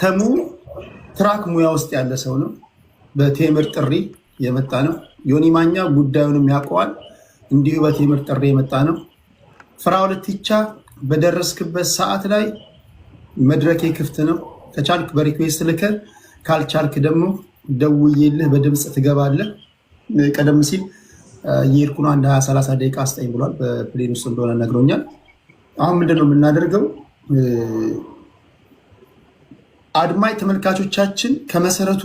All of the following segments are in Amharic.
ተሙ ትራክ ሙያ ውስጥ ያለ ሰው ነው። በቴምር ጥሪ የመጣ ነው። ዮኒ ማኛ ጉዳዩንም ያውቀዋል። እንዲሁ በቴምር ጥሪ የመጣ ነው። ፍራ ሁለትቻ በደረስክበት ሰዓት ላይ መድረኬ ክፍት ነው። ከቻልክ በሪኩዌስት ልከ ካልቻልክ ደግሞ ደውዬልህ በድምፅ ትገባለህ። ቀደም ሲል የሄድኩን አንድ 20 30 ደቂቃ አስጠኝ ብሏል። በፕሌን ውስጥ እንደሆነ ነግሮኛል። አሁን ምንድነው የምናደርገው? አድማጭ ተመልካቾቻችን ከመሰረቱ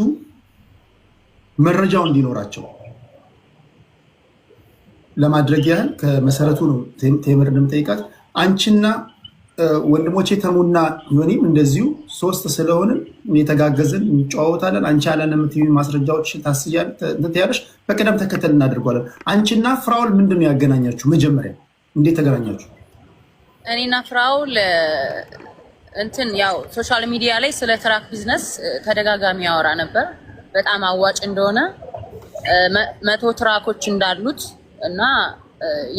መረጃው እንዲኖራቸው ለማድረግ ያህል ከመሰረቱ ነው ቴምር እንደምጠይቃት አንቺና ወንድሞቼ ተሙና ሆኒም እንደዚሁ ሶስት ስለሆንን የተጋገዝን እንጨዋወታለን። አንቺ ያለን የምትይኝ ማስረጃዎች ታስያለሽ። በቅደም ተከተል እናደርጓለን። አንቺና ፍራውል ምንድን ነው ያገናኛችሁ? መጀመሪያ እንዴት ተገናኛችሁ? እኔና ፍራውል እንትን ያው ሶሻል ሚዲያ ላይ ስለ ትራክ ቢዝነስ ተደጋጋሚ ያወራ ነበር። በጣም አዋጭ እንደሆነ መቶ ትራኮች እንዳሉት እና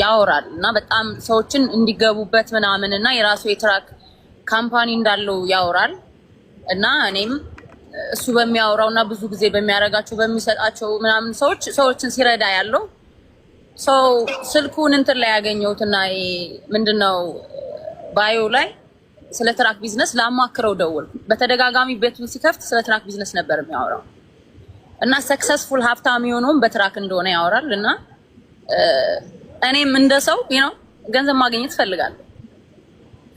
ያወራል እና በጣም ሰዎችን እንዲገቡበት ምናምን እና የራሱ የትራክ ካምፓኒ እንዳለው ያወራል እና እኔም እሱ በሚያወራው እና ብዙ ጊዜ በሚያደርጋቸው በሚሰጣቸው ምናምን ሰዎች ሰዎችን ሲረዳ ያለው ሰው ስልኩን እንትን ላይ ያገኘሁት እና ምንድነው ባዮ ላይ ስለ ትራክ ቢዝነስ ላማክረው ደውል። በተደጋጋሚ ቤቱን ሲከፍት ስለ ትራክ ቢዝነስ ነበር የሚያወራው እና ሰክሰስፉል ሀብታም የሆነውም በትራክ እንደሆነ ያወራል እና እኔም እንደ ሰው ነው ገንዘብ ማግኘት እፈልጋለሁ።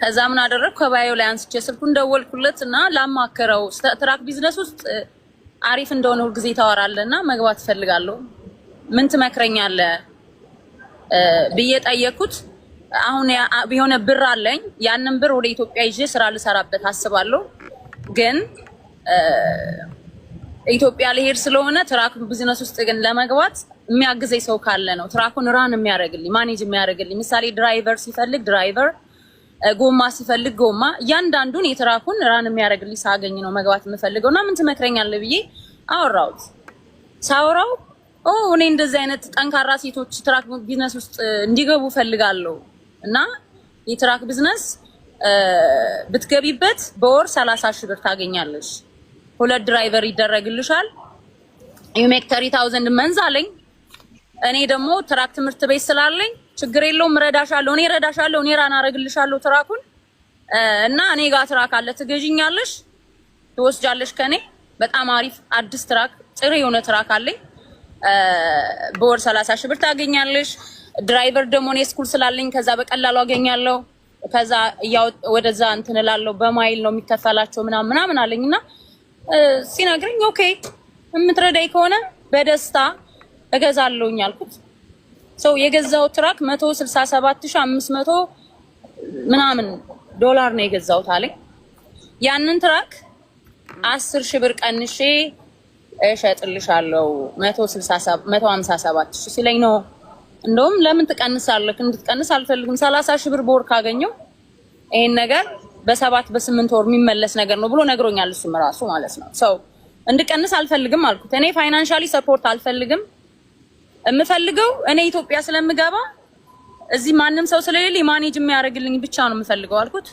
ከዛ ምን አደረግ ከባየው ላይ አንስቼ ስልኩን ደወልኩለት እና ላማከረው ትራክ ቢዝነስ ውስጥ አሪፍ እንደሆነ ሁልጊዜ ታወራለህ እና መግባት ፈልጋለሁ ምን ትመክረኛለህ ብዬ ጠየቅኩት። አሁን የሆነ ብር አለኝ። ያንን ብር ወደ ኢትዮጵያ ይዤ ስራ ልሰራበት አስባለሁ። ግን ኢትዮጵያ ልሄድ ስለሆነ ትራክ ቢዝነስ ውስጥ ግን ለመግባት የሚያግዘኝ ሰው ካለ ነው። ትራኩን ራን የሚያደርግልኝ ማኔጅ የሚያደርግልኝ ምሳሌ ድራይቨር ሲፈልግ ድራይቨር፣ ጎማ ሲፈልግ ጎማ፣ እያንዳንዱን የትራኩን ራን የሚያደርግልኝ ሳገኝ ነው መግባት የምፈልገው እና ምን ትመክረኛለህ ብዬ አወራሁት። ሳወራው እኔ እንደዚህ አይነት ጠንካራ ሴቶች ትራክ ቢዝነስ ውስጥ እንዲገቡ ፈልጋለሁ እና የትራክ ቢዝነስ ብትገቢበት በወር 30 ሺህ ብር ታገኛለሽ። ሁለት ድራይቨር ይደረግልሻል። ዩ ሜክ ተሪ ታውዘንድ መንዝ አለኝ። እኔ ደግሞ ትራክ ትምህርት ቤት ስላለኝ ችግር የለውም እረዳሻለሁ፣ እኔ እረዳሻለሁ፣ እኔ ራን አረግልሻለሁ ትራኩን እና እኔ ጋር ትራክ አለ፣ ትገዥኛለሽ፣ ትወስጃለሽ ከኔ በጣም አሪፍ አዲስ ትራክ ጥሬ የሆነ ትራክ አለኝ። በወር 30 ሺህ ብር ታገኛለሽ። ድራይቨር ደግሞ እኔ ስኩል ስላለኝ ከዛ በቀላሉ አገኛለሁ። ከዛ ወደዛ እንትን እላለሁ። በማይል ነው የሚከፈላቸው ምናምን ምናምን አለኝ እና ሲነግረኝ ኦኬ የምትረዳኝ ከሆነ በደስታ እገዛለሁኝ አልኩት። ሰው የገዛው ትራክ 167500 ምናምን ዶላር ነው የገዛውት አለኝ። ያንን ትራክ አስር ሺህ ብር ቀንሼ እሸጥልሻለሁ 157 ሺህ ሲለኝ ነው እንደውም ለምን ትቀንሳለህ? እንድትቀንስ አልፈልግም። ሰላሳ ሺህ ብር በወር ካገኘው ይሄን ነገር በሰባት በስምንት ወር የሚመለስ ነገር ነው ብሎ ነግሮኛል። እሱም ራሱ ማለት ነው ሰው እንድቀንስ አልፈልግም አልኩት። እኔ ፋይናንሻሊ ሰፖርት አልፈልግም። የምፈልገው እኔ ኢትዮጵያ ስለምገባ እዚህ ማንም ሰው ስለሌለ ማኔጅ የሚያደርግልኝ ብቻ ነው የምፈልገው አልኩት።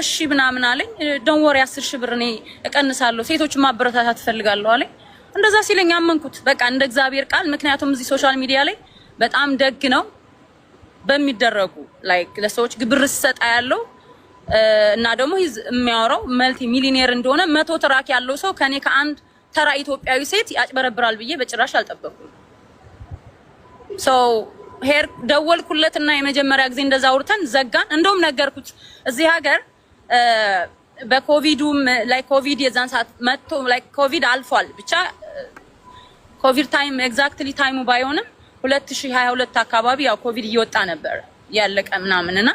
እሺ ምናምን አለኝ። ዶን ወሪ አስር ሺህ ብር እኔ እቀንሳለሁ፣ ሴቶች ማበረታታት እፈልጋለሁ አለኝ። እንደዛ ሲለኝ አመንኩት። በቃ እንደ እግዚአብሔር ቃል ምክንያቱም እዚህ ሶሻል ሚዲያ ላይ በጣም ደግ ነው። በሚደረጉ ላይክ ለሰዎች ግብር ሰጣ ያለው እና ደግሞ የሚያወራው መልቲ ሚሊኔር እንደሆነ መቶ ትራክ ያለው ሰው ከኔ ከአንድ ተራ ኢትዮጵያዊ ሴት ያጭበረብራል ብዬ በጭራሽ አልጠበኩም። ሰው ሄር እና የመጀመሪያ ጊዜ እንደዛ አውርተን ዘጋን። እንደውም ነገርኩት እዚህ ሀገር በኮቪዱም ላይ ኮቪድ የዛን ሰዓት መጥቶ ላይ ኮቪድ አልፏል። ብቻ ኮቪድ ታይም ኤግዛክትሊ ታይሙ ባይሆንም ሁለት ሺህ ሀያ ሁለት አካባቢ ያው ኮቪድ እየወጣ ነበር ያለቀ ምናምን እና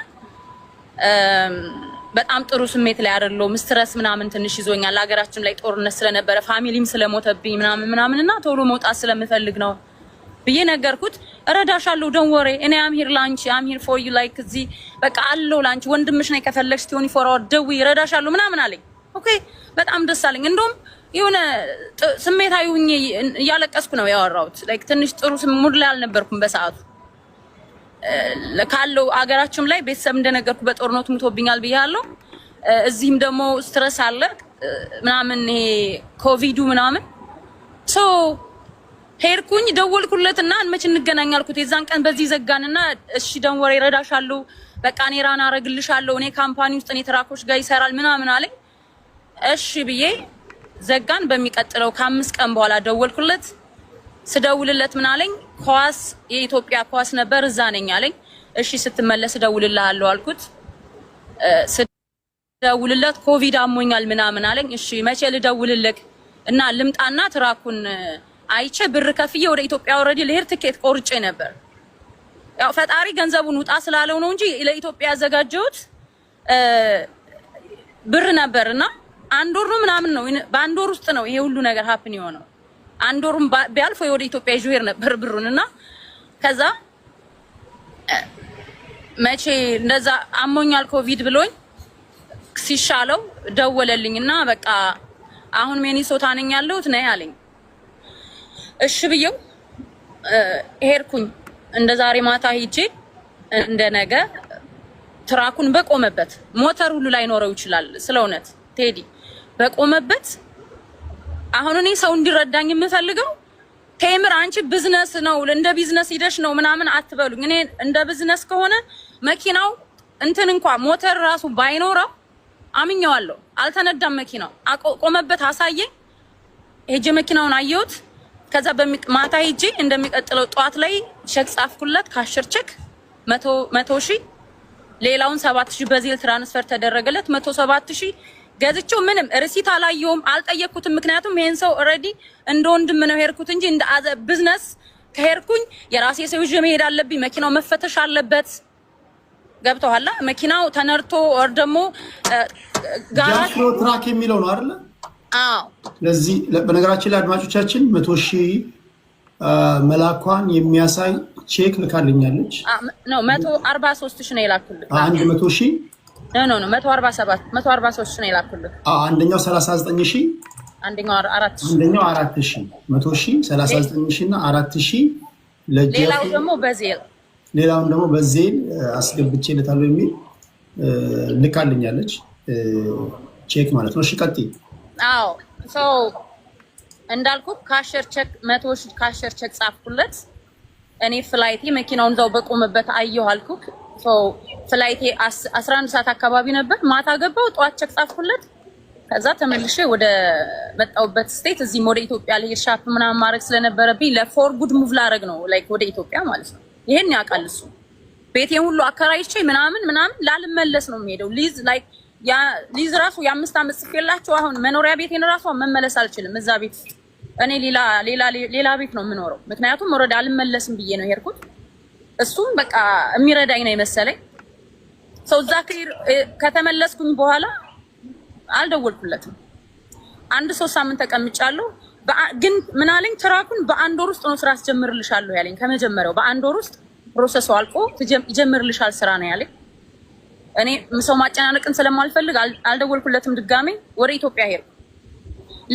በጣም ጥሩ ስሜት ላይ አይደለሁም። ስትረስ ምናምን ትንሽ ይዞኛል። ሀገራችን ላይ ጦርነት ስለነበረ ፋሚሊም ስለሞተብኝ ምናምን ምናምን እና ቶሎ መውጣት ስለምፈልግ ነው ብዬ ነገርኩት። እረዳሻለሁ፣ ደን ወሬ እኔ አም ሂር ላንቺ አም ፎር ዩ ላይክ እዚህ በቃ አለው ላንቺ ወንድምሽ ነኝ ከፈለግሽ ትሆኒ ፎር አወር ደውይ፣ እረዳሻለሁ ምናምን አለኝ። ኦኬ በጣም ደስ አለኝ። እንደውም የሆነ ስሜታዊ ሁኜ እያለቀስኩ ነው ያወራሁት። ላይክ ትንሽ ጥሩ ሙድ ላይ አልነበርኩም በሰዓቱ ካለው አገራችሁም ላይ ቤተሰብ እንደነገርኩ በጦርነቱ ሙቶብኛል ብያለሁ። እዚህም ደግሞ ስትረስ አለ ምናምን ይሄ ኮቪዱ ምናምን ሶ ሄድኩኝ ደወልኩለትና መች እንገናኝ አልኩት። የዛን ቀን በዚህ ዘጋንና እሺ ደንወር ይረዳሻለሁ፣ በቃ እኔ ራና አረግልሻለሁ፣ እኔ ካምፓኒ ውስጥ እኔ ትራኮች ጋር ይሰራል ምናምን አለኝ። እሺ ብዬ ዘጋን። በሚቀጥለው ከአምስት ቀን በኋላ ደወልኩለት። ስደውልለት ምን አለኝ? ኳስ የኢትዮጵያ ኳስ ነበር እዛ ነኝ አለኝ። እሺ ስትመለስ እደውልልሃለሁ አልኩት። ስደውልለት ኮቪድ አሞኛል ምናምን አለኝ። እሺ መቼ ልደውልልክ እና ልምጣና ትራኩን አይቼ ብር ከፍዬ ወደ ኢትዮጵያ ኦልሬዲ ልሄድ ትኬት ቆርጬ ነበር። ያው ፈጣሪ ገንዘቡን ውጣ ስላለው ነው እንጂ ለኢትዮጵያ ያዘጋጀሁት ብር ነበርና አንድ ወር ነው ምናምን ነው በአንድ ወር ውስጥ ነው ይሄ ሁሉ ነገር ሀፕን የሆነው። አንድ ወሩም ወደ ኢትዮጵያ ይዤ ነበር ብሩን እና ከዛ መቼ እንደዛ አሞኛል ኮቪድ ብሎኝ ሲሻለው ደወለልኝ እና በቃ አሁን ሚኒሶታ ነኝ ያለሁት ነይ አለኝ። እሺ ብዬው ሄድኩኝ። እንደ ዛሬ ማታ ሂጄ እንደ ነገ ትራኩን በቆመበት ሞተር ሁሉ ላይ ኖረው ይችላል ስለ እውነት ቴዲ በቆመበት አሁን እኔ ሰው እንዲረዳኝ የምፈልገው ቴምር አንቺ ቢዝነስ ነው እንደ ቢዝነስ ሂደሽ ነው ምናምን አትበሉኝ። እኔ እንደ ቢዝነስ ከሆነ መኪናው እንትን እንኳ ሞተር ራሱ ባይኖረው አምኛዋለሁ። አልተነዳም መኪናው። ቆመበት አሳየኝ። ሄጄ መኪናውን አየሁት። ከዛ በማታ ሄጄ እንደሚቀጥለው ጠዋት ላይ ቼክ ጻፍኩለት ከአሽር ቼክ መቶ ሺህ ሌላውን ሰባት ሺህ ትራንስፈር ተደረገለት መቶ ሰባት ሺህ ገዝቼው ምንም ርሲት አላየውም፣ አልጠየቅኩትም። ምክንያቱም ይሄን ሰው ኦልሬዲ እንደ ወንድም ነው ሄድኩት እንጂ እንደ አዘ ቢዝነስ ከሄድኩኝ የራሴ ሰው ይዤ መሄድ አለብኝ። መኪናው መፈተሽ አለበት። ገብቶሃል? መኪናው ተነርቶ ወር ደግሞ ጋራጅ ትራክ የሚለው ነው አይደለ? አዎ። በነገራችን ላይ አድማጮቻችን መቶ ሺህ መላኳን የሚያሳይ ቼክ ልካልኛለች ነው። መቶ አርባ ሶስት ሺህ ነው የላኩልህ አንድ መቶ ሺህ ኖ ኖ 147 143 ነው የላኩልህ። አንደኛው 39 ሺህ አንደኛው 4 ሺህ አንደኛው 4 ሺህ 100 ሺህ 39 ሺህ እና 4 ሺህ ሌላው ደግሞ በዜል ሌላውን ደግሞ በዜል አስገብቼ የሚል ልካልኛለች። ቼክ ማለት ነው። እሺ ቀጥይ። አዎ እንዳልኩ ካሸር ቼክ 100 ሺህ ካሸር ቼክ ጻፍኩለት። እኔ ፍላይቴ መኪናውን እዛው በቆመበት አየሁ አልኩክ ፍላይቴ 11 ሰዓት አካባቢ ነበር። ማታ ገባው፣ ጠዋት ቸክ ጻፍኩለት። ከዛ ተመልሼ ወደ መጣሁበት ስቴት እዚህም ወደ ኢትዮጵያ ልሄድ ሻፕ ምናምን ማድረግ ስለነበረብኝ ለፎር ጉድ ሙቭ ላረግ ነው ላይክ ወደ ኢትዮጵያ ማለት ነው። ይሄን ያውቃል እሱ። ቤቴን ሁሉ አከራይቼ ምናምን ምናምን ላልመለስ ነው የሚሄደው ሊዝ ላይክ ያ ሊዝ ራሱ የአምስት ዓመት ጽፌላቸው አሁን መኖሪያ ቤቴን ራሱ መመለስ አልችልም። እዛ ቤት እኔ ሌላ ሌላ ሌላ ቤት ነው የምኖረው። ምክንያቱም ወረዳ አልመለስም ብዬ ነው የሄድኩት። እሱም በቃ የሚረዳኝ ነው የመሰለኝ ሰው። እዛ ከተመለስኩኝ በኋላ አልደወልኩለትም። አንድ ሶስት ሳምንት ተቀምጫለሁ። ግን ምን አለኝ፣ ትራኩን በአንድ ወር ውስጥ ነው ስራ አስጀምርልሻለሁ ያለኝ። ከመጀመሪያው በአንድ ወር ውስጥ ፕሮሰሱ አልቆ ይጀምርልሻል ስራ ነው ያለኝ። እኔ ሰው ማጨናነቅን ስለማልፈልግ አልደወልኩለትም። ድጋሜ ወደ ኢትዮጵያ ሄድኩ።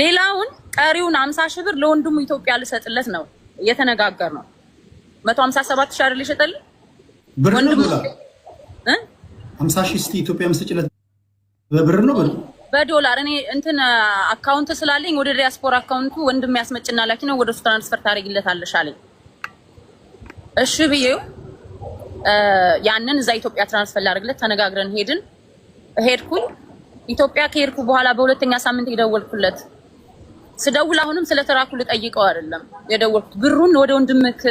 ሌላውን ቀሪውን አምሳ ሺህ ብር ለወንድሙ ኢትዮጵያ ልሰጥለት ነው እየተነጋገር ነው መቶ ሀምሳ ሰባት ሺህ አይደል ይሸጣል ወንድም እ ሀምሳ ሺህ እስኪ ኢትዮጵያ ምስጭለት በብር ነው በዶላር እኔ እንትን አካውንት ስላለኝ ወደ ዲያስፖራ አካውንቱ ወንድም ያስመጭና ላኪ ነው ወደ እሱ ትራንስፈር ታደርጊለታለሽ አለኝ። እሺ ብዬው ያንን እዛ ኢትዮጵያ ትራንስፈር ላደርግለት ተነጋግረን ሄድን ሄድኩኝ። ኢትዮጵያ ከሄድኩ በኋላ በሁለተኛ ሳምንት የደወልኩለት ስደውል አሁንም ስለ ተራኩ ልጠይቀው አይደለም የደወልኩት ብሩን ወደ ወንድምክ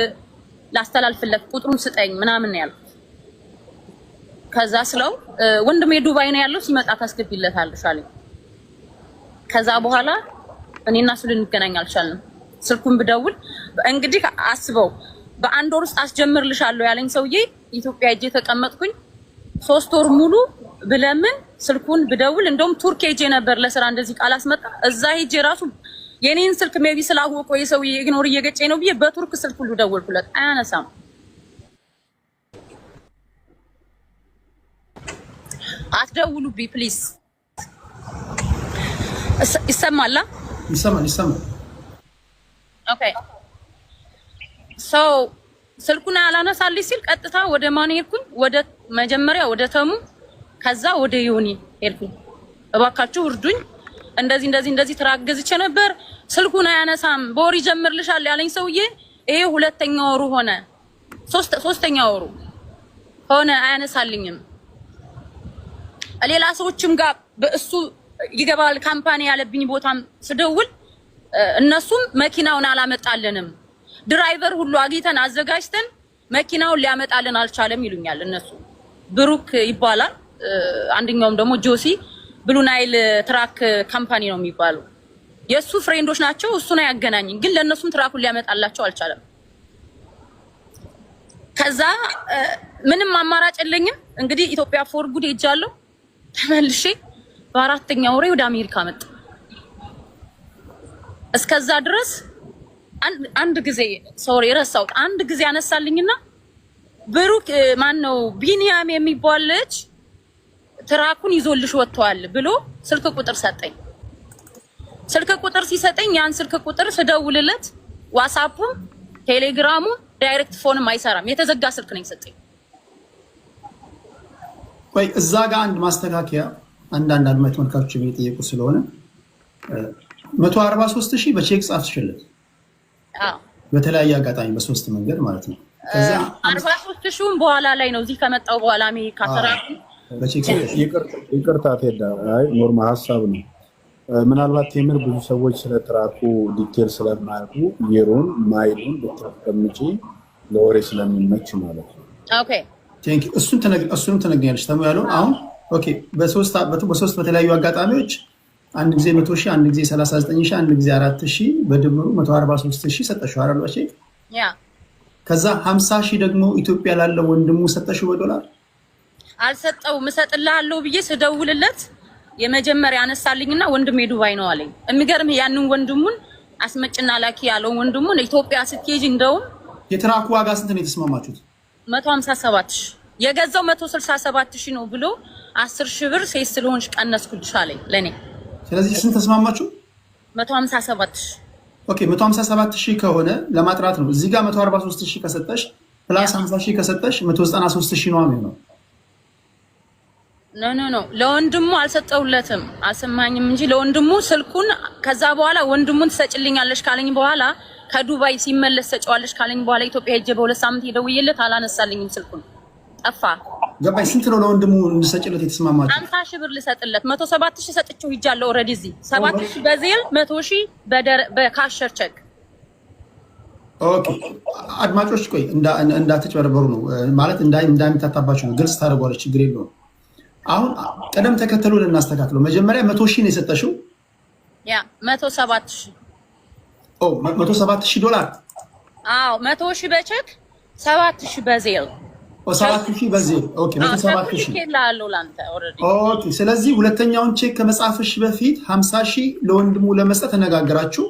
ላስተላልፍለት ቁጥሩን ስጠኝ ምናምን ያልኩት። ከዛ ስለው ወንድሜ ዱባይ ነው ያለው ሲመጣ ታስገቢለት አለኝ። ከዛ በኋላ እኔና እሱ ልንገናኝ አልቻልንም። ስልኩን ብደውል እንግዲህ አስበው በአንድ ወር ውስጥ አስጀምርልሻለሁ ያለኝ ሰውዬ ኢትዮጵያ እጄ ተቀመጥኩኝ። ሶስት ወር ሙሉ ብለምን ስልኩን ብደውል እንደውም ቱርክ ሄጄ ነበር ለስራ እንደዚህ ቃል አስመጣ እዛ ሄጄ ራሱ የኔን ስልክ ሜቢ ስላወቀው የሰውዬ ይግኖር እየገጨኝ ነው ብዬ በቱርክ ስልክ ሁሉ ደወልኩለት፣ አያነሳም። አትደውሉብኝ ፕሊዝ። ይሰማላ? ይሰማል፣ ይሰማል። ኦኬ ስልኩን አላነሳልኝ ሲል ቀጥታ ወደ ማን ሄድኩኝ? ወደ መጀመሪያ ወደ ተሙ፣ ከዛ ወደ ዮኒ ሄድኩኝ። እባካችሁ እርዱኝ እንደዚህ እንደዚህ እንደዚህ ተራገዝቼ ነበር፣ ስልኩን አያነሳም፣ በወር ይጀምርልሻል ያለኝ ሰውዬ ይሄ ሁለተኛ ወሩ ሆነ፣ ሶስተኛ ወሩ ሆነ፣ አያነሳልኝም። ሌላ ሰዎችም ጋር በእሱ ይገባል ካምፓኒ ያለብኝ ቦታም ስደውል እነሱም መኪናውን አላመጣልንም፣ ድራይቨር ሁሉ አግኝተን አዘጋጅተን መኪናውን ሊያመጣልን አልቻለም ይሉኛል። እነሱ ብሩክ ይባላል፣ አንደኛውም ደግሞ ጆሲ ብሉ ናይል ትራክ ካምፓኒ ነው የሚባለው የእሱ ፍሬንዶች ናቸው። እሱን አያገናኝም፣ ግን ለእነሱም ትራኩን ሊያመጣላቸው አልቻለም። ከዛ ምንም አማራጭ የለኝም እንግዲህ ኢትዮጵያ ፎር ጉድ ሄጃለሁ። ተመልሼ በአራተኛ ወሬ ወደ አሜሪካ መጣ። እስከዛ ድረስ አንድ ጊዜ ሶሪ ረሳሁት። አንድ ጊዜ አነሳልኝና ብሩክ ማን ነው ቢኒያም የሚባል ልጅ ትራኩን ይዞልሽ ወጥተዋል ብሎ ስልክ ቁጥር ሰጠኝ። ስልክ ቁጥር ሲሰጠኝ ያን ስልክ ቁጥር ስደውልለት ዋትስአፑም ቴሌግራሙም ዳይሬክት ፎንም አይሰራም። የተዘጋ ስልክ ነው የሰጠኝ። ወይ እዛ ጋር አንድ ማስተካከያ አንዳንድ አድማ ተመልካቾች የሚጠየቁ ስለሆነ መቶ አርባ ሺህ በቼክ ጻፍሽለት በተለያየ አጋጣሚ በሶስት መንገድ ማለት ነው። ከዛ ሺውን በኋላ ላይ ነው እዚህ ከመጣው በኋላ ሜ ካተራ ይቅርታ ቴዳ፣ አይ ኖርማ ሀሳብ ነው። ምናልባት የምር ብዙ ሰዎች ስለትራኩ ትራኩ ዲቴል ስለማያውቁ የሮን ማይሉን ብትቀምጪ ለወሬ ስለሚመች ማለት ነው። እሱንም ትነግኛለች ተሙ ያለውን አሁን በሶስት በተለያዩ አጋጣሚዎች አንድ ጊዜ መቶ ሺህ አንድ ጊዜ ሰላሳ ዘጠኝ ሺህ አንድ ጊዜ አራት ሺህ በድምሩ መቶ አርባ ሶስት ሺህ ሰጠሽው አራሏ ከዛ ሀምሳ ሺህ ደግሞ ኢትዮጵያ ላለው ወንድሙ ሰጠሽው በዶላር አልሰጠውም እሰጥልሃለሁ ብዬ ስደውልለት የመጀመሪያ አነሳልኝና ወንድሜ ዱባይ ነው አለኝ። የሚገርምህ ያንን ወንድሙን አስመጭና ላኪ ያለውን ወንድሙን ኢትዮጵያ ስትሄጂ እንደውም የትራኩ ዋጋ ስንት ነው የተስማማችሁት? 157 ሺህ የገዛው 167 ሺህ ነው ብሎ 10 ሺህ ብር ሴት ስለሆንሽ ቀነስኩልሽ አለኝ ለኔ። ስለዚህ ስንት ተስማማችሁ? 157 ሺህ ኦኬ 157 ሺህ ከሆነ ለማጥራት ነው። እዚህ ጋር 143 ሺህ ከሰጠሽ ፕላስ 50 ሺህ ከሰጠሽ 193 ሺህ ነው ነው ኖ ኖ ኖ ለወንድሙ አልሰጠውለትም። አልሰማኝም እንጂ ለወንድሙ ስልኩን ከዛ በኋላ ወንድሙን ትሰጭልኛለሽ ካለኝ በኋላ ከዱባይ ሲመለስ ሰጨዋለሽ ካለኝ በኋላ ኢትዮጵያ ሄጄ በሁለት ሳምንት የደውዬለት አላነሳልኝም። ስልኩን ጠፋ። ገባይ ስንት ነው ለወንድሙ እንድሰጭለት የተስማማችሁ? አምሳ ሺህ ብር ልሰጥለት። መቶ ሰባት ሺህ ሰጥቼው ሂጃለሁ። ኦልሬዲ እዚህ ሰባት ሺህ በዜል መቶ ሺህ በካሸር ቸክ ኦኬ አድማጮች፣ ቆይ እንዳትጭበረበሩ ነው ማለት እንዳይምታታባቸው ነው። ግልጽ ታደርጓለች። ችግር የለውም። አሁን ቅደም ተከተሉ ልናስተካክለው። መጀመሪያ መቶ ሺህ ነው የሰጠሽው፣ መቶ ሰባት ሺህ ዶላር መቶ ሺህ በቼክ ሰባት ሺህ በዜል ሰባት ሺህ ስለዚህ ሁለተኛውን ቼክ ከመጻፍሽ በፊት ሀምሳ ሺህ ለወንድሙ ለመስጠት ተነጋግራችሁ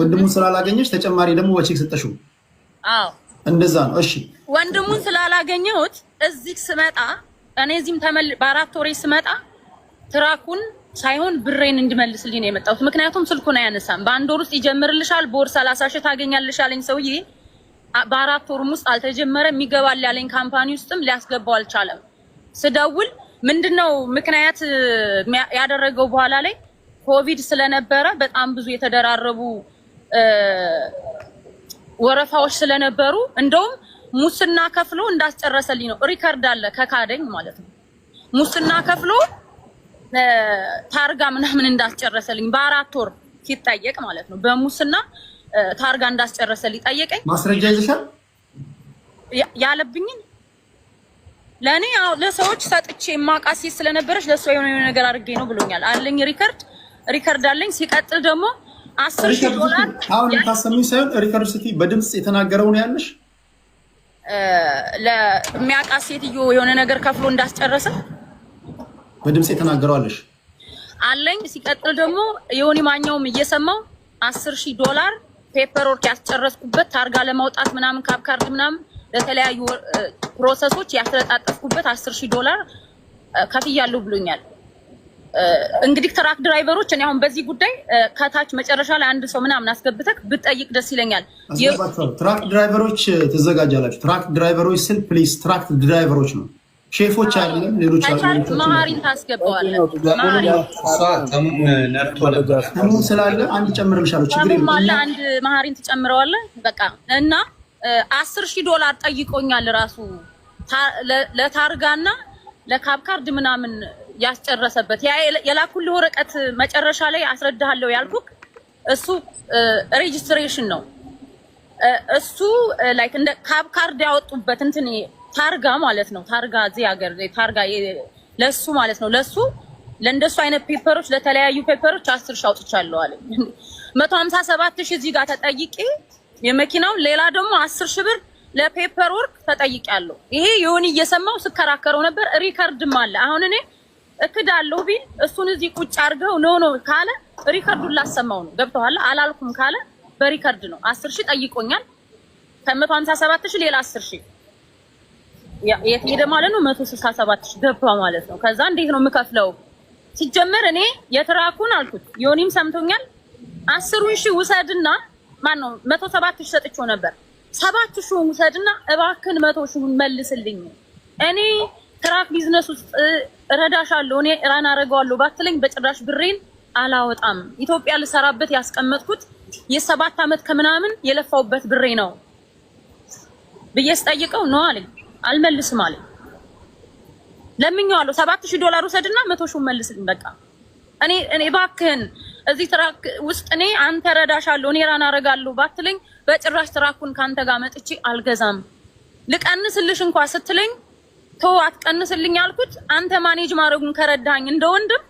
ወንድሙን ስላላገኘች ተጨማሪ ደግሞ በቼክ ሰጠሽው። እንደዛ ነው። እሺ ወንድሙን ስላላገኘሁት እዚህ ስመጣ እኔ እዚህም በአራት ወሬ ስመጣ ትራኩን ሳይሆን ብሬን እንድመልስልኝ ነው የመጣሁት። ምክንያቱም ስልኩን አያነሳም። በአንድ ወር ውስጥ ይጀምርልሻል፣ በወር ሰላሳ ሺህ ታገኛልሻለኝ ሰውዬ። በአራት ወርም ውስጥ አልተጀመረም። ይገባል ያለኝ ካምፓኒ ውስጥም ሊያስገባው አልቻለም። ስደውል ምንድነው ምክንያት ያደረገው በኋላ ላይ ኮቪድ ስለነበረ በጣም ብዙ የተደራረቡ ወረፋዎች ስለነበሩ እንደውም ሙስና ከፍሎ እንዳስጨረሰልኝ ነው። ሪከርድ አለ ከካደኝ ማለት ነው። ሙስና ከፍሎ ታርጋ ምናምን እንዳስጨረሰልኝ በአራት ወር ሲጠየቅ ማለት ነው። በሙስና ታርጋ እንዳስጨረሰልኝ ጠየቀኝ። ማስረጃ ይዘሻል? ያለብኝን ለእኔ ለሰዎች ሰጥቼ ማቃሴ ስለነበረች ለእሷ የሆነ የሆነ ነገር አድርጌ ነው ብሎኛል። አለኝ ሪከርድ ሪከርድ አለኝ። ሲቀጥል ደግሞ አስር ሺህ ዶላር አሁን ታሰሚኝ ሳይሆን ሪከርድ ስቲ በድምፅ የተናገረው ነው ያለሽ ለሚያውቃት ሴትዮ የሆነ ነገር ከፍሎ እንዳስጨረሰ በድምጽ ተናገረዋለሽ አለኝ። ሲቀጥል ደግሞ የሆኒ ማኛውም እየሰማው አስር ሺህ ዶላር ፔፐር ወርክ ያስጨረስኩበት ታርጋ ለማውጣት ምናምን ካብካርድ ምናምን ለተለያዩ ፕሮሰሶች ያስተለጣጠፍኩበት አስር ሺህ ዶላር ከፍያለሁ ብሎኛል። እንግዲህ ትራክ ድራይቨሮች እኔ አሁን በዚህ ጉዳይ ከታች መጨረሻ ላይ አንድ ሰው ምናምን አስገብተክ ብጠይቅ ደስ ይለኛል። ትራክ ድራይቨሮች ትዘጋጃላችሁ። ትራክ ድራይቨሮች ስል ፕሊስ፣ ትራክ ድራይቨሮች ነው፣ ሼፎች አይደለም። ሌሎች መሀሪን ታስገባዋለህ። ስላለ አንድ ጨምርልሻለሁ። ችግር አለ። አንድ መሀሪን ትጨምረዋለህ። በቃ እና አስር ሺህ ዶላር ጠይቆኛል ራሱ ለታርጋና ለካብካርድ ምናምን ያስጨረሰበት የላኩልህ ወረቀት መጨረሻ ላይ አስረዳሃለሁ ያልኩህ እሱ ሬጅስትሬሽን ነው። እሱ ላይክ እንደ ካብ ካርድ ያወጡበት እንትን ታርጋ ማለት ነው። ታርጋ እዚህ ሀገር ታርጋ ለሱ ማለት ነው። ለሱ ለእንደሱ አይነት ፔፐሮች፣ ለተለያዩ ፔፐሮች አስር ሺ አውጥቻለሁ አለ። መቶ ሀምሳ ሰባት ሺ እዚህ ጋር ተጠይቄ የመኪናውን ሌላ ደግሞ አስር ሺ ብር ለፔፐር ወርክ ተጠይቄያለሁ። ይሄ የሆን እየሰማው ስከራከረው ነበር። ሪከርድም አለ አሁን እኔ እክዳለሁ ቢል እሱን እዚህ ቁጭ አድርገው ኖ ኖ ካለ ሪከርዱን ላሰማው ነው። ገብተዋል። አላልኩም ካለ በሪከርድ ነው። አስር ሺህ ጠይቆኛል። ከመቶ ሀምሳ ሰባት ሺህ ሌላ አስር ሺህ የት ሄደ ማለት ነው። መቶ ስልሳ ሰባት ሺህ ገብቷ ማለት ነው። ከዛ እንዴት ነው የምከፍለው? ሲጀመር እኔ የትራኩን አልኩት፣ ዮኒም ሰምቶኛል። አስሩን ሺህ ውሰድና ማን ነው መቶ ሰባት ሺህ ሰጥቼው ነበር። ሰባት ሺውን ውሰድና እባክን መቶ ሺውን መልስልኝ። እኔ ትራክ ቢዝነስ ውስጥ እረዳሻለሁ፣ እኔ ራን አደርገዋለሁ ባትለኝ በጭራሽ ብሬን አላወጣም። ኢትዮጵያ ልሰራበት ያስቀመጥኩት የሰባት ዓመት ከምናምን የለፋውበት ብሬ ነው ብዬ ስጠይቀው ነው አለኝ። አልመልስም አለኝ። ለምኜዋለሁ። ሰባት ሺህ ዶላር ውሰድና መቶ ሺህ መልስልኝ። በቃ እኔ እኔ እባክህን እዚህ ትራክ ውስጥ እኔ አንተ እረዳሻለሁ እኔ ራን አደርጋለሁ ባትለኝ በጭራሽ ትራኩን ከአንተ ጋር መጥቼ አልገዛም ልቀንስልሽ እንኳ ስትለኝ ቶ አትቀንስልኝ አልኩት። አንተ ማኔጅ ማድረጉን ከረዳኝ እንደወንድም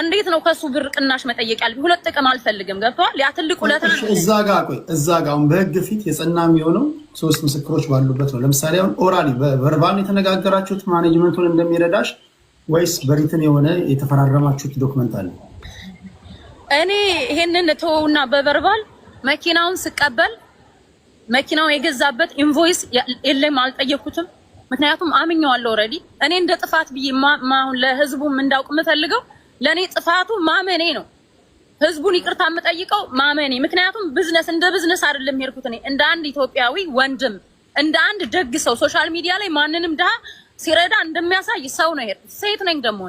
እንዴት ነው ከሱ ብር ቅናሽ መጠየቅ ያለ? ሁለት ጥቅም አልፈልግም። ገብቷል? ያ ትልቅ ሁለት እዛ ጋር ቆይ፣ እዛ ጋ አሁን በህግ ፊት የጸና የሚሆነው ሶስት ምስክሮች ባሉበት ነው። ለምሳሌ አሁን ኦራሊ በቨርባል የተነጋገራችሁት ማኔጅመንቱን እንደሚረዳሽ ወይስ በሪትን የሆነ የተፈራረማችሁት ዶክመንት አለ? እኔ ይሄንን ተወውና በቨርባል መኪናውን ስቀበል መኪናው የገዛበት ኢንቮይስ የለም አልጠየኩትም። ምክንያቱም አምኜዋለሁ ኦልሬዲ እኔ እንደ ጥፋት ብዬ ማሁን ለህዝቡም እንዳውቅ የምፈልገው ለእኔ ጥፋቱ ማመኔ ነው። ህዝቡን ይቅርታ የምጠይቀው ማመኔ ምክንያቱም ብዝነስ እንደ ብዝነስ አይደለም የሄድኩት እኔ እንደ አንድ ኢትዮጵያዊ ወንድም እንደ አንድ ደግ ሰው ሶሻል ሚዲያ ላይ ማንንም ድሃ ሲረዳ እንደሚያሳይ ሰው ነው የሄድኩት። ሴት ነኝ ደግሞ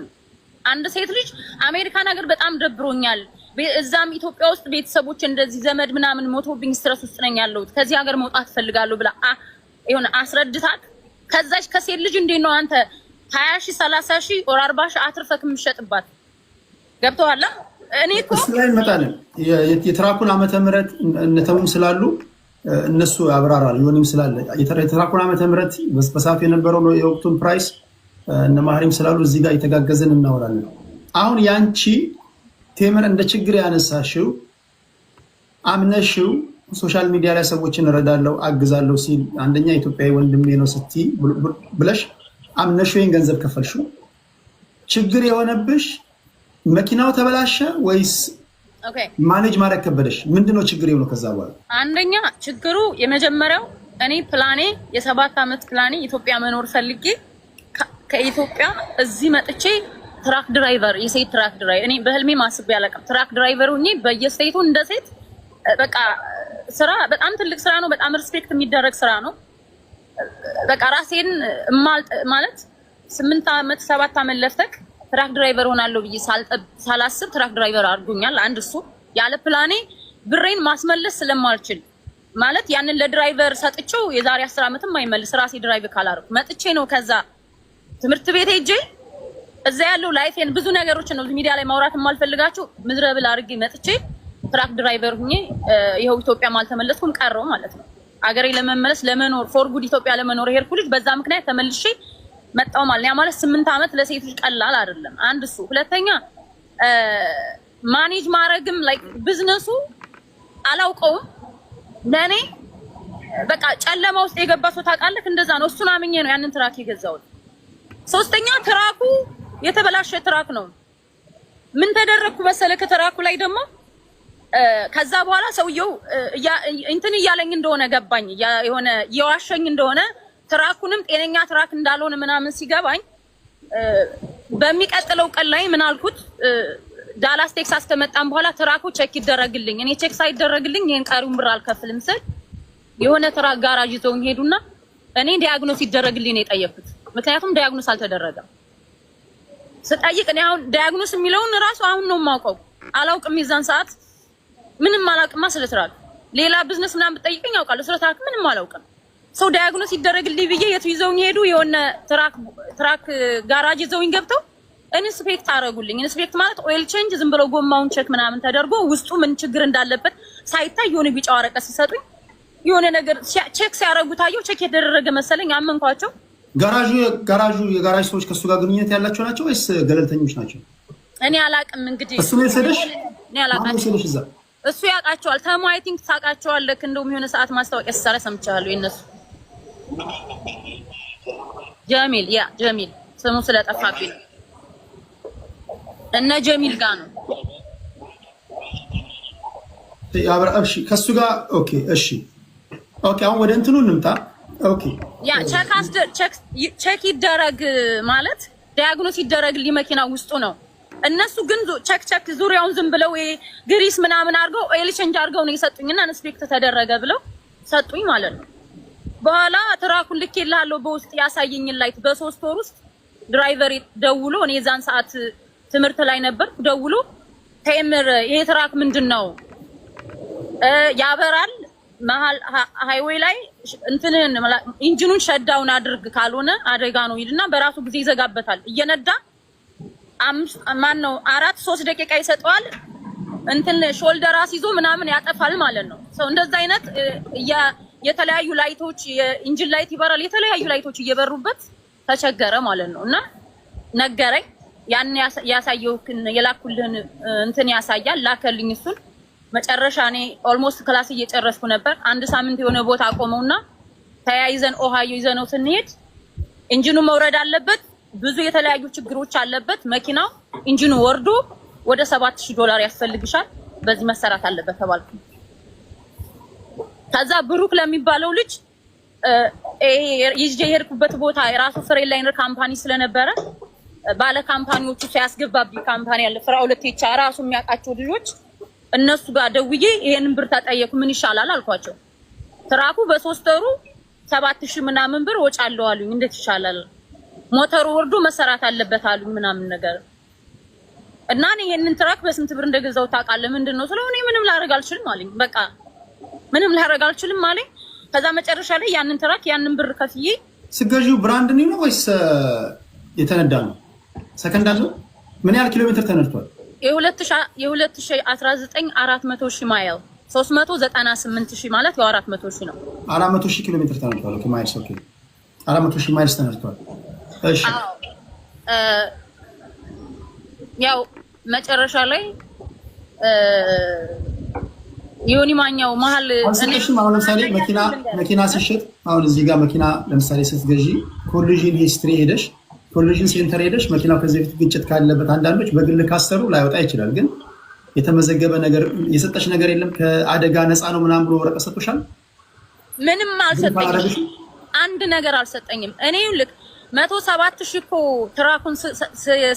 አንድ ሴት ልጅ አሜሪካን ሀገር በጣም ደብሮኛል። እዛም ኢትዮጵያ ውስጥ ቤተሰቦች እንደዚህ ዘመድ ምናምን ሞቶብኝ ስትረስ ውስጥ ነኝ ያለሁት ከዚህ ሀገር መውጣት እፈልጋለሁ ብላ የሆነ አስረድታት ከዛች ከሴት ልጅ እንዴት ነው አንተ ሀያ ሺ ሰላሳ ሺ ወር አርባ ሺ አትርፈክ የምሸጥባት ገብተዋላ። እኔ እኮ እሱ ላይ እንመጣለን። የትራኩን አመተ ምህረት እነተሙም ስላሉ እነሱ ያብራራል። ይሁንም ስላለ የትራኩን ዓመተ ምህረት በሰዓቱ የነበረው የወቅቱን ፕራይስ እነ ማህሪም ስላሉ እዚህ ጋር እየተጋገዝን እናወራለን። አሁን ያንቺ ቴምር እንደ ችግር ያነሳሽው አምነሽው ሶሻል ሚዲያ ላይ ሰዎችን እረዳለው አግዛለሁ ሲል አንደኛ ኢትዮጵያዊ ወንድሜ ነው ስቲ ብለሽ አምነሽ ገንዘብ ከፈልሹ ችግር የሆነብሽ መኪናው ተበላሸ ወይስ ማኔጅ ማድረግ ከበደሽ? ምንድነው ችግር የሆነው? ከዛ በኋላ አንደኛ ችግሩ የመጀመሪያው እኔ ፕላኔ የሰባት ዓመት ፕላኔ ኢትዮጵያ መኖር ፈልጌ ከኢትዮጵያ እዚህ መጥቼ ትራክ ድራይቨር የሴት ትራክ ድራይቨር እኔ በህልሜ ማስቤ አላውቅም። ትራክ ድራይቨር ሁኜ በየስቴቱ እንደ ሴት በቃ ስራ በጣም ትልቅ ስራ ነው። በጣም ሪስፔክት የሚደረግ ስራ ነው። በቃ ራሴን ማለት ስምንት ዓመት ሰባት ዓመት ለፍተክ ትራክ ድራይቨር ሆናለሁ ብዬ ሳላስብ ትራክ ድራይቨር አድርጎኛል። አንድ እሱ ያለ ፕላኔ ብሬን ማስመለስ ስለማልችል ማለት ያንን ለድራይቨር ሰጥቼው የዛሬ አስር ዓመትም አይመልስ ራሴ ድራይቭ ካላደረኩ መጥቼ ነው ከዛ ትምህርት ቤት ሄጄ እዛ ያለው ላይፌን ብዙ ነገሮችን ነው ሚዲያ ላይ ማውራት የማልፈልጋቸው ምድረ ብል አድርጌ መጥቼ ትራክ ድራይቨር ሁኜ ይኸው ኢትዮጵያም አልተመለስኩም ቀረው ማለት ነው። አገሬ ለመመለስ ለመኖር ፎር ጉድ ኢትዮጵያ ለመኖር የሄድኩ ልጅ በዛ ምክንያት ተመልሼ መጣው ማለት ያ ማለት ስምንት ዓመት ለሴት ልጅ ቀላል አይደለም። አንድ እሱ ሁለተኛ ማኔጅ ማድረግም ላይክ ቢዝነሱ አላውቀውም ለእኔ በቃ ጨለማ ውስጥ የገባ ሰው ታውቃለህ፣ እንደዛ ነው። እሱን አምኜ ነው ያንን ትራክ የገዛሁት። ሶስተኛ ትራኩ የተበላሸ ትራክ ነው። ምን ተደረግኩ መሰለ? ከትራኩ ላይ ደግሞ ከዛ በኋላ ሰውየው እንትን እያለኝ እንደሆነ ገባኝ፣ የሆነ እየዋሸኝ እንደሆነ ትራኩንም ጤነኛ ትራክ እንዳልሆነ ምናምን ሲገባኝ በሚቀጥለው ቀን ላይ ምን አልኩት፣ ዳላስ ቴክሳስ ከመጣም በኋላ ትራኩ ቼክ ይደረግልኝ፣ እኔ ቼክ ሳይደረግልኝ ይህን ቀሪውን ብር አልከፍልም ስል የሆነ ትራክ ጋራጅ ይዘውኝ ሄዱና እኔ ዲያግኖስ ይደረግልኝ ነው የጠየኩት። ምክንያቱም ዲያግኖስ አልተደረገም። ስጠይቅ እኔ አሁን ዲያግኖስ የሚለውን ራሱ አሁን ነው የማውቀው፣ አላውቅም የዛን ሰዓት ምንም አላውቅማ ስለ ትራክ ሌላ ቢዝነስ ምናምን ብጠይቀኝ አውቃለሁ። ስለ ትራክ ምንም አላውቅም። ሰው ዳያግኖስ ይደረግልኝ ብዬ የቱ ይዘውኝ ሄዱ። የሆነ ትራክ ትራክ ጋራጅ ይዘውኝ ገብተው ኢንስፔክት አደረጉልኝ። ኢንስፔክት ማለት ኦይል ቼንጅ ዝም ብለው ጎማውን ቼክ ምናምን ተደርጎ ውስጡ ምን ችግር እንዳለበት ሳይታይ የሆነ ቢጫ ወረቀት ሲሰጡኝ የሆነ ነገር ቼክ ሲያደርጉ ታየው። ቼክ የተደረገ መሰለኝ አመንኳቸው። ጋራዡ ጋራዡ የጋራጅ ሰዎች ከእሱ ጋር ግንኙነት ያላቸው ናቸው ወይስ ገለልተኞች ናቸው? እኔ አላቅም። እንግዲህ እሱ ነው የወሰደሽ? እኔ አላቅም። እዛ እሱ ያውቃቸዋል። ተሙ አይ ቲንክ ታውቃቸዋለህ። እንደውም የሆነ ሰዓት ማስታወቂያ ሲሰራ ሰምቻለሁ። የነሱ ጀሚል ያ ጀሚል ስሙ ስለጠፋብኝ እነ ጀሚል ጋር ነው አብርሃም። እሺ ከሱ ጋር ኦኬ፣ እሺ ኦኬ። አሁን ወደ እንትኑ እንምጣ። ኦኬ ያ ቼክ ቼክ ቼክ ይደረግ ማለት ዳያግኖስ ይደረግ መኪና ውስጡ ነው እነሱ ግን ቸክ ቸክ ዙሪያውን ዝም ብለው ግሪስ ምናምን አድርገው ኦይል ቼንጅ አድርገው ነው የሰጡኝና ኢንስፔክት ተደረገ ብለው ሰጡኝ ማለት ነው። በኋላ ትራኩን ልኬልሃለሁ በውስጥ ያሳየኝ ላይት በሶስት ወር ውስጥ ድራይቨር ደውሎ እኔ የዛን ሰዓት ትምህርት ላይ ነበር። ደውሎ ቴምር ይሄ ትራክ ምንድን ነው ያበራል መሀል ሃይዌይ ላይ እንትንህን ኢንጂኑን ሸዳውን አድርግ ካልሆነ አደጋ ነው ይልና በራሱ ጊዜ ይዘጋበታል እየነዳ ማን ነው አራት ሶስት ደቂቃ ይሰጠዋል እንትን ሾልደር አስይዞ ምናምን ያጠፋል ማለት ነው። ሰው እንደዛ አይነት የተለያዩ ላይቶች የኢንጂን ላይት ይበራል። የተለያዩ ላይቶች እየበሩበት ተቸገረ ማለት ነው። እና ነገረኝ ያን ያሳየው የላኩልህን እንትን ያሳያል። ላከልኝ እሱን መጨረሻ እኔ ኦልሞስት ክላስ እየጨረስኩ ነበር። አንድ ሳምንት የሆነ ቦታ አቆመውና ተያይዘን ኦሃዮ ይዘነው ስንሄድ ኢንጂኑ መውረድ አለበት ብዙ የተለያዩ ችግሮች አለበት። መኪናው ኢንጂኑ ወርዶ ወደ 7000 ዶላር ያስፈልግሻል፣ በዚህ መሰራት አለበት ተባልኩ። ከዛ ብሩክ ለሚባለው ልጅ ይዤ የሄድኩበት ቦታ የራሱ ፍሬላይነር ካምፓኒ ስለነበረ ባለ ካምፓኒዎቹ ሲያስገባብ ካምፓኒ ያለ ፍራኦል ቴቻ ራሱ የሚያውቃቸው ልጆች እነሱ ጋር ደውዬ ይሄንን ብር ተጠየኩ። ምን ይሻላል አልኳቸው። ትራኩ በሶስት ወሩ ሰባት ሺህ ምናምን ብር ወጪ አለው አሉኝ። እንዴት ይሻላል ሞተሩ ወርዶ መሰራት አለበት አሉ ምናምን ነገር እና እኔ ይሄንን ትራክ በስንት ብር እንደገዛው ታውቃለህ? ምንድን ነው ስለሆነ ምንም ላደርግ አልችልም አለኝ። በቃ ምንም ላደርግ አልችልም አለኝ። ከዛ መጨረሻ ላይ ያንን ትራክ ያንን ብር ከፍዬ ስገዢው ብራንድ ነው ወይስ የተነዳ ነው? ሰከንድ አለው? ምን ያህል ኪሎ ሜትር ተነድቷል? የ2019 400 ሺህ ማይል 398 ሺህ ማለት የ 400 ሺህ ነው። 400 ሺህ ኪሎ ሜትር ተነድቷል። ኦኬ ማይልስ ኦኬ 400 ሺህ ማይልስ ተነድቷል። ያው መጨረሻ ላይ የሆኒ ማኛው መሀል አሁን ለምሳሌ መኪና መኪና ሲሸጥ አሁን እዚህ ጋር መኪና ለምሳሌ ስትገዢ ኮሊዥን ሂስትሪ ሄደሽ ኮሊዥን ሴንተር ሄደሽ መኪናው ከዚህ በፊት ግጭት ካለበት አንዳንዶች በግል ካሰሩ ላይወጣ ይችላል። ግን የተመዘገበ ነገር የሰጠሽ ነገር የለም ከአደጋ ነፃ ነው ምናምን ብሎ ወረቀት ሰጥቶሻል? ምንም አልሰጠኝም። አንድ ነገር አልሰጠኝም። እኔ ልክ መቶ ሰባት ሺህ እኮ ትራኩን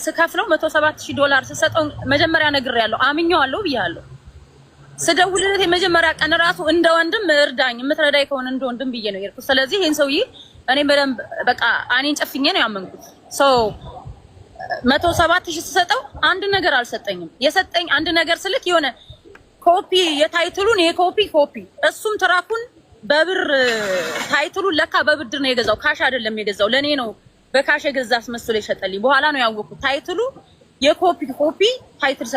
ስከፍለው መቶ ሰባት ሺህ ዶላር ስሰጠው መጀመሪያ ነግሬያለሁ፣ አምኜዋለሁ ብያለሁ። ስደውልለት የመጀመሪያ ቀን ራሱ እንደ ወንድም እርዳኝ የምትረዳኝ ከሆነ እንደ ወንድም ብዬ ነው የሄድኩት። ስለዚህ ይሄን ሰውዬ እኔ በደንብ በቃ አኔን ጨፍኜ ነው ያመንኩት። ሰው መቶ ሰባት ሺህ ስሰጠው አንድ ነገር አልሰጠኝም። የሰጠኝ አንድ ነገር ስልክ የሆነ ኮፒ የታይትሉን የኮፒ ኮፒ እሱም ትራኩን በብር ታይትሉን ለካ በብድር ነው የገዛው። ካሽ አይደለም የገዛው ለእኔ ነው በካሸ የገዛ አስመስሎ ይሸጠልኝ። በኋላ ነው ያወቅኩት። ታይትሉ የኮፒ ኮፒ ታይትል